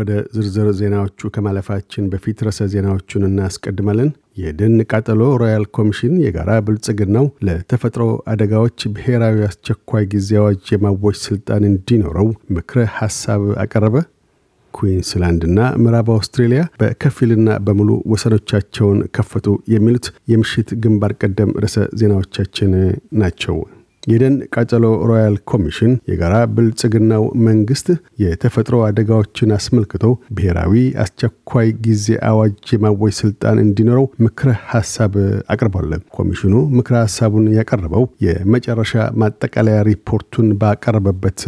ወደ ዝርዝር ዜናዎቹ ከማለፋችን በፊት ርዕሰ ዜናዎቹን እናስቀድማለን። የደን ቃጠሎ ሮያል ኮሚሽን የጋራ ብልጽግናው ለተፈጥሮ አደጋዎች ብሔራዊ አስቸኳይ ጊዜ አዋጅ የማወጅ ስልጣን እንዲኖረው ምክረ ሐሳብ አቀረበ። ኩዊንስላንድና ምዕራብ አውስትሬልያ በከፊልና በሙሉ ወሰኖቻቸውን ከፈቱ። የሚሉት የምሽት ግንባር ቀደም ርዕሰ ዜናዎቻችን ናቸው። የደን ቃጠሎ ሮያል ኮሚሽን የጋራ ብልጽግናው መንግስት የተፈጥሮ አደጋዎችን አስመልክቶ ብሔራዊ አስቸኳይ ጊዜ አዋጅ የማወጅ ስልጣን እንዲኖረው ምክረ ሀሳብ አቅርቧል። ኮሚሽኑ ምክረ ሀሳቡን ያቀረበው የመጨረሻ ማጠቃለያ ሪፖርቱን ባቀረበበት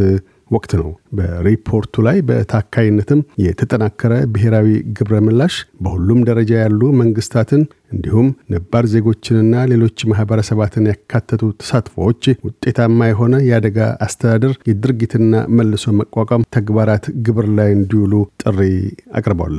ወቅት ነው። በሪፖርቱ ላይ በታካይነትም የተጠናከረ ብሔራዊ ግብረ ምላሽ በሁሉም ደረጃ ያሉ መንግስታትን እንዲሁም ነባር ዜጎችንና ሌሎች ማህበረሰባትን ያካተቱ ተሳትፎዎች ውጤታማ የሆነ የአደጋ አስተዳደር የድርጊትና መልሶ መቋቋም ተግባራት ግብር ላይ እንዲውሉ ጥሪ አቅርቧል።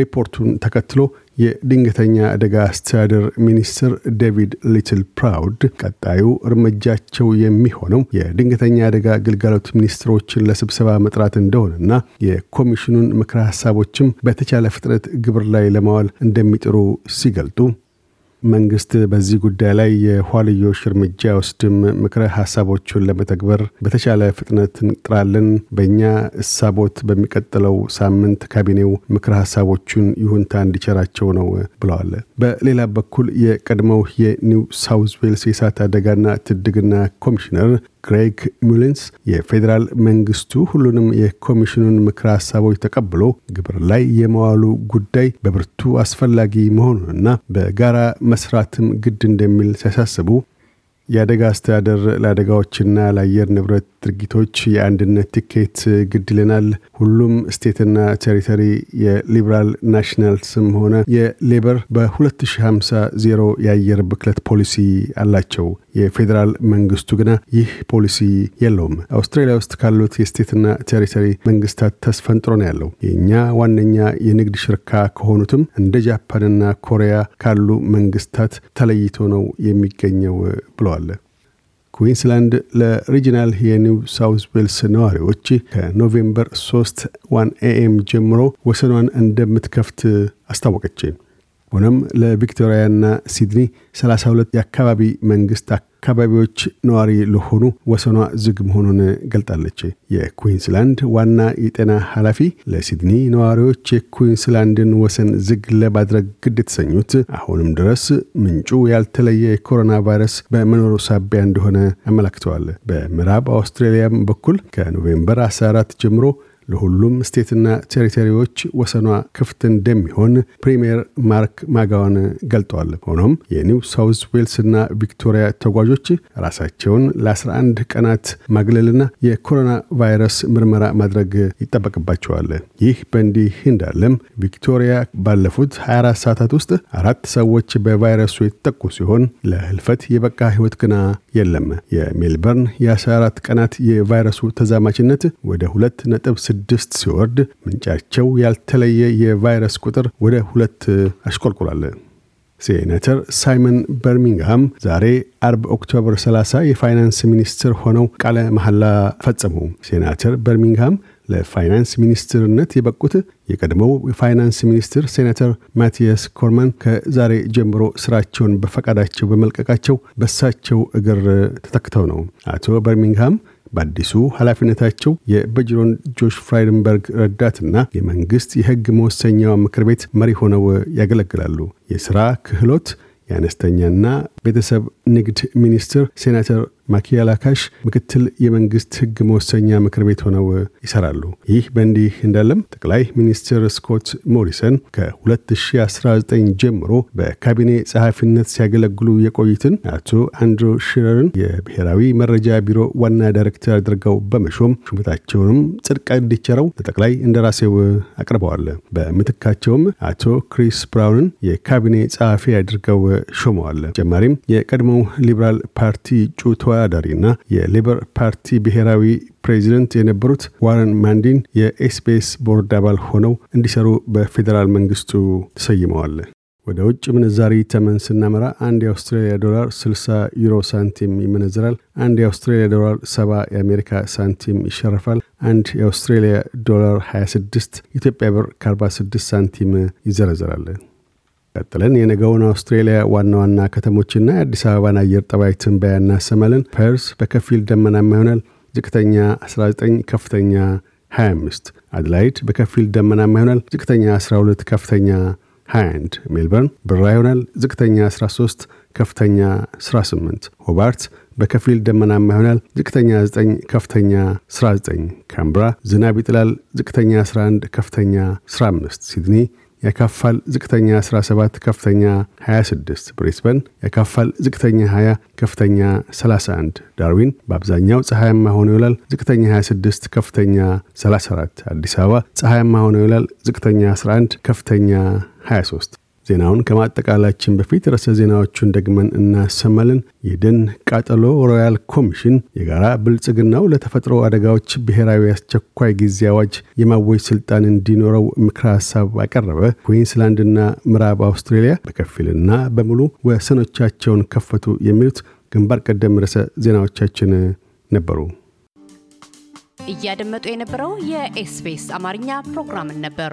ሪፖርቱን ተከትሎ የድንገተኛ አደጋ አስተዳደር ሚኒስትር ዴቪድ ሊትል ፕራውድ ቀጣዩ እርምጃቸው የሚሆነው የድንገተኛ አደጋ አገልጋሎት ሚኒስትሮችን ለስብሰባ መጥራት እንደሆነና የኮሚሽኑን ምክረ ሀሳቦችም በተቻለ ፍጥነት ግብር ላይ ለማዋል እንደሚጥሩ ሲገልጡ መንግስት በዚህ ጉዳይ ላይ የኋልዮሽ እርምጃ ውስድም ምክረ ሀሳቦቹን ለመተግበር በተቻለ ፍጥነት እንጥራለን። በእኛ እሳቦት በሚቀጥለው ሳምንት ካቢኔው ምክረ ሀሳቦቹን ይሁንታ እንዲቸራቸው ነው ብለዋል። በሌላ በኩል የቀድሞው የኒው ሳውዝ ዌልስ የእሳት አደጋና ትድግና ኮሚሽነር ግሬግ ሙሊንስ የፌዴራል መንግስቱ ሁሉንም የኮሚሽኑን ምክረ ሀሳቦች ተቀብሎ ግብር ላይ የመዋሉ ጉዳይ በብርቱ አስፈላጊ መሆኑንና በጋራ መስራትም ግድ እንደሚል ሲያሳስቡ የአደጋ አስተዳደር ለአደጋዎችና ለአየር ንብረት ድርጊቶች የአንድነት ቲኬት ግድልናል። ሁሉም ስቴትና ቴሪተሪ የሊበራል ናሽናልስም ሆነ የሌበር በ2050 ዜሮ የአየር ብክለት ፖሊሲ አላቸው። የፌዴራል መንግስቱ ግና ይህ ፖሊሲ የለውም። አውስትራሊያ ውስጥ ካሉት የስቴትና ቴሪተሪ መንግስታት ተስፈንጥሮ ነው ያለው። የእኛ ዋነኛ የንግድ ሽርካ ከሆኑትም እንደ ጃፓንና ኮሪያ ካሉ መንግስታት ተለይቶ ነው የሚገኘው ብለዋል። ኩዊንስላንድ ለሪጂናል የኒው ሳውዝ ዌልስ ነዋሪዎች ከኖቬምበር 3 ዋን ኤኤም ጀምሮ ወሰኗን እንደምትከፍት አስታወቀች። ሆኖም ለቪክቶሪያና ሲድኒ 32 የአካባቢ መንግስት አካባቢዎች ነዋሪ ለሆኑ ወሰኗ ዝግ መሆኑን ገልጣለች። የኩንስላንድ ዋና የጤና ኃላፊ ለሲድኒ ነዋሪዎች የኩዊንስላንድን ወሰን ዝግ ለማድረግ ግድ የተሰኙት አሁንም ድረስ ምንጩ ያልተለየ የኮሮና ቫይረስ በመኖሩ ሳቢያ እንደሆነ አመላክተዋል። በምዕራብ አውስትራሊያም በኩል ከኖቬምበር 14 ጀምሮ ለሁሉም ስቴትና ቴሪቶሪዎች ወሰኗ ክፍት እንደሚሆን ፕሪምየር ማርክ ማጋዋን ገልጠዋል። ሆኖም የኒው ሳውዝ ዌልስና ቪክቶሪያ ተጓዦች ራሳቸውን ለ11 ቀናት ማግለልና የኮሮና ቫይረስ ምርመራ ማድረግ ይጠበቅባቸዋል። ይህ በእንዲህ እንዳለም ቪክቶሪያ ባለፉት 24 ሰዓታት ውስጥ አራት ሰዎች በቫይረሱ የተጠቁ ሲሆን ለህልፈት የበቃ ህይወት ግና የለም። የሜልበርን የ14 ቀናት የቫይረሱ ተዛማችነት ወደ 2 ነጥብ ስድስት ሲወርድ ምንጫቸው ያልተለየ የቫይረስ ቁጥር ወደ ሁለት አሽቆልቁላል ሴኔተር ሳይመን በርሚንግሃም ዛሬ አርብ ኦክቶበር 30 የፋይናንስ ሚኒስትር ሆነው ቃለ መሐላ ፈጸሙ። ሴናተር በርሚንግሃም ለፋይናንስ ሚኒስትርነት የበቁት የቀድሞው የፋይናንስ ሚኒስትር ሴናተር ማቲያስ ኮርማን ከዛሬ ጀምሮ ስራቸውን በፈቃዳቸው በመልቀቃቸው በሳቸው እግር ተተክተው ነው። አቶ በርሚንግሃም በአዲሱ ኃላፊነታቸው የበጅሮን ጆሽ ፍራይደንበርግ ረዳትና የመንግስት የህግ መወሰኛው ምክር ቤት መሪ ሆነው ያገለግላሉ። የሥራ ክህሎት የአነስተኛና ቤተሰብ ንግድ ሚኒስትር ሴናተር ማኪያላካሽ ምክትል የመንግስት ህግ መወሰኛ ምክር ቤት ሆነው ይሰራሉ። ይህ በእንዲህ እንዳለም ጠቅላይ ሚኒስትር ስኮት ሞሪሰን ከ2019 ጀምሮ በካቢኔ ጸሐፊነት ሲያገለግሉ የቆዩትን አቶ አንድሮ ሽረርን የብሔራዊ መረጃ ቢሮ ዋና ዳይሬክተር አድርገው በመሾም ሹመታቸውንም ጽድቅ እንዲቸረው ለጠቅላይ እንደራሴው አቅርበዋል። በምትካቸውም አቶ ክሪስ ብራውንን የካቢኔ ጸሐፊ አድርገው ሾመዋል። ጀማሪም ላይም የቀድሞው ሊበራል ፓርቲ እጩ ተወዳዳሪና የሊበር ፓርቲ ብሔራዊ ፕሬዚደንት የነበሩት ዋረን ማንዲን የኤስቢኤስ ቦርድ አባል ሆነው እንዲሰሩ በፌዴራል መንግስቱ ተሰይመዋል። ወደ ውጭ ምንዛሪ ተመን ስናመራ አንድ የአውስትራሊያ ዶላር 60 ዩሮ ሳንቲም ይመነዝራል። አንድ የአውስትራሊያ ዶላር 70 የአሜሪካ ሳንቲም ይሸርፋል። አንድ የአውስትራሊያ ዶላር 26 ኢትዮጵያ ብር ከ46 ሳንቲም ይዘረዘራል። ቀጥለን የነገውን አውስትሬሊያ ዋና ዋና ከተሞችና የአዲስ አበባን አየር ጠባይ ትንበያ እናሰማለን። ፐርስ በከፊል ደመናማ ይሆናል። ዝቅተኛ 19፣ ከፍተኛ 25። አድላይድ በከፊል ደመናማ ይሆናል። ዝቅተኛ 12፣ ከፍተኛ 21። ሜልበርን ብራ ይሆናል። ዝቅተኛ 13፣ ከፍተኛ 18። ሆባርት በከፊል ደመናማ ይሆናል። ዝቅተኛ 9 ከፍተኛ 19። ካምብራ ዝናብ ይጥላል። ዝቅተኛ 11 ከፍተኛ 15። ሲድኒ ያካፋል ዝቅተኛ 17 ከፍተኛ 26 ብሪስበን ያካፋል ዝቅተኛ 20 ከፍተኛ 31 ዳርዊን በአብዛኛው ፀሐያማ ሆኖ ይውላል ዝቅተኛ 26 ከፍተኛ 34 አዲስ አበባ ፀሐያማ ሆኖ ይውላል ዝቅተኛ 11 ከፍተኛ 23 ዜናውን ከማጠቃላችን በፊት ርዕሰ ዜናዎቹን ደግመን እናሰማለን። የደን ቃጠሎ ሮያል ኮሚሽን የጋራ ብልጽግናው ለተፈጥሮ አደጋዎች ብሔራዊ አስቸኳይ ጊዜ አዋጅ የማወጅ ስልጣን እንዲኖረው ምክረ ሀሳብ አቀረበ። ኩዊንስላንድና ምዕራብ አውስትሬሊያ በከፊልና በሙሉ ወሰኖቻቸውን ከፈቱ። የሚሉት ግንባር ቀደም ርዕሰ ዜናዎቻችን ነበሩ። እያደመጡ የነበረው የኤስፔስ አማርኛ ፕሮግራምን ነበር።